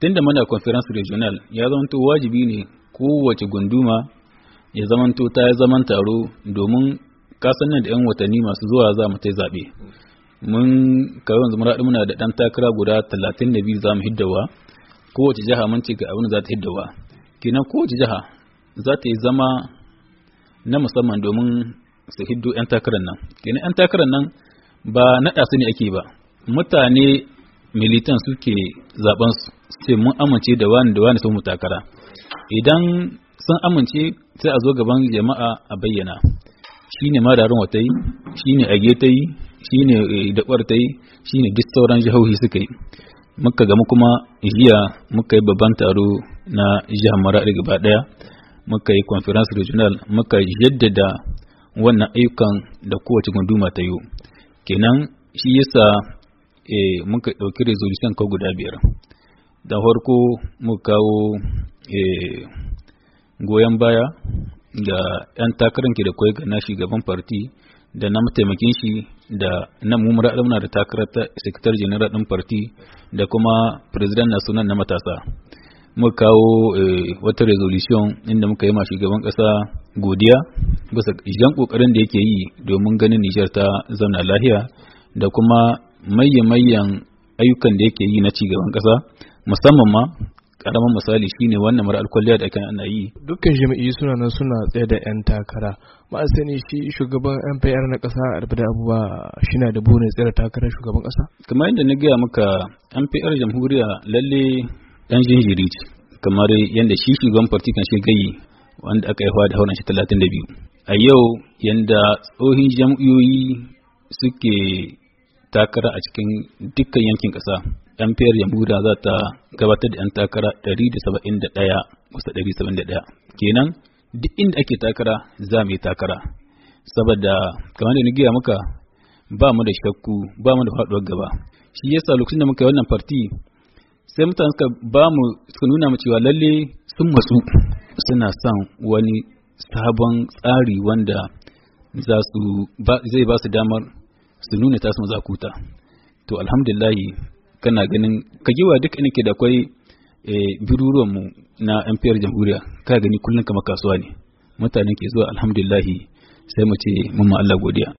Tunda muna conference regional ya zamanto wajibi ne kowace gunduma ya zamanto ta zaman taro domin kasan da 'yan watanni masu zuwa za mu tai zaɓe. Mun kawai yanzu muraɗi muna da ɗan takara guda talatin da biyu za mu hiddawa kowace jiha mun ce ga abin za ta hiddawa. Kenan kowace jiha za ta yi zama na musamman domin su hiddo 'yan takarar nan. Kenan 'yan takarar nan ba naɗa su ne ake ba. Mutane militan suke zaben sai mun amince da wani da wani sun mutakara idan sun amince sai a zo gaban jama'a a bayyana shine wata watai shine yi shine eh, yi shine duk sauran jihohi suka yi muka gamu kuma jiya muka yi babban taro na jihar maradi gaba daya muka yi conference regional muka jaddada wannan ayyukan da kowace gunduma ta yi kenan shi yasa Eh, muka ɗauki resolution ko guda biyar da farko muka kawo eh, goyon baya da 'yan takarar ke da kwai na shugaban farti da na mataimakin shi da na mummura alamuna da takarar sekretar general ɗin farti da kuma president national na matasa muka kawo eh, wata resolution inda muka yi ma shugaban ƙasa godiya bisa jan ƙoƙarin da yake yi domin ganin Nijar ta zauna lahiya da kuma mayyan ayyukan da yake yi na cigaban ƙasa musamman ma karamin misali shine wannan mara alkwaliya da kan ana yi dukkan jami'i suna nan suna tsaye da yan takara ma sani shi shugaban NPR na kasa Arbada Abuba shina da burin da takarar shugaban kasa kamar yadda na gaya maka NPR jamhuriya lalle dan jinjiri ce kamar yadda shi shugaban party kan shi gayi wanda aka yi da hauran shi 32 a yau yanda tsohin jam'iyoyi suke takara a cikin dukkan yankin ƙasa. Yan fiyar Yamuda za ta gabatar da 'yan takara 171 kusa 171. Kenan duk inda ake takara za mu yi takara. Saboda kamar da na gaya muka ba mu da shakku ba mu da faɗuwar gaba. Shi yasa lokacin da muka yi wannan farti sai mutane suka ba mu suka nuna mu cewa lalle sun matsu suna son wani sabon tsari wanda za zai ba su damar su nuna ta su zakuta to alhamdulillahi kana ganin kagiwa duk inda ke da akwai eh, biruruwan mu na NPR jamhuriya ka gani kullum kama kasuwa ne mutanen ke zuwa alhamdulillahi sai mu ce mun ma Allah godiya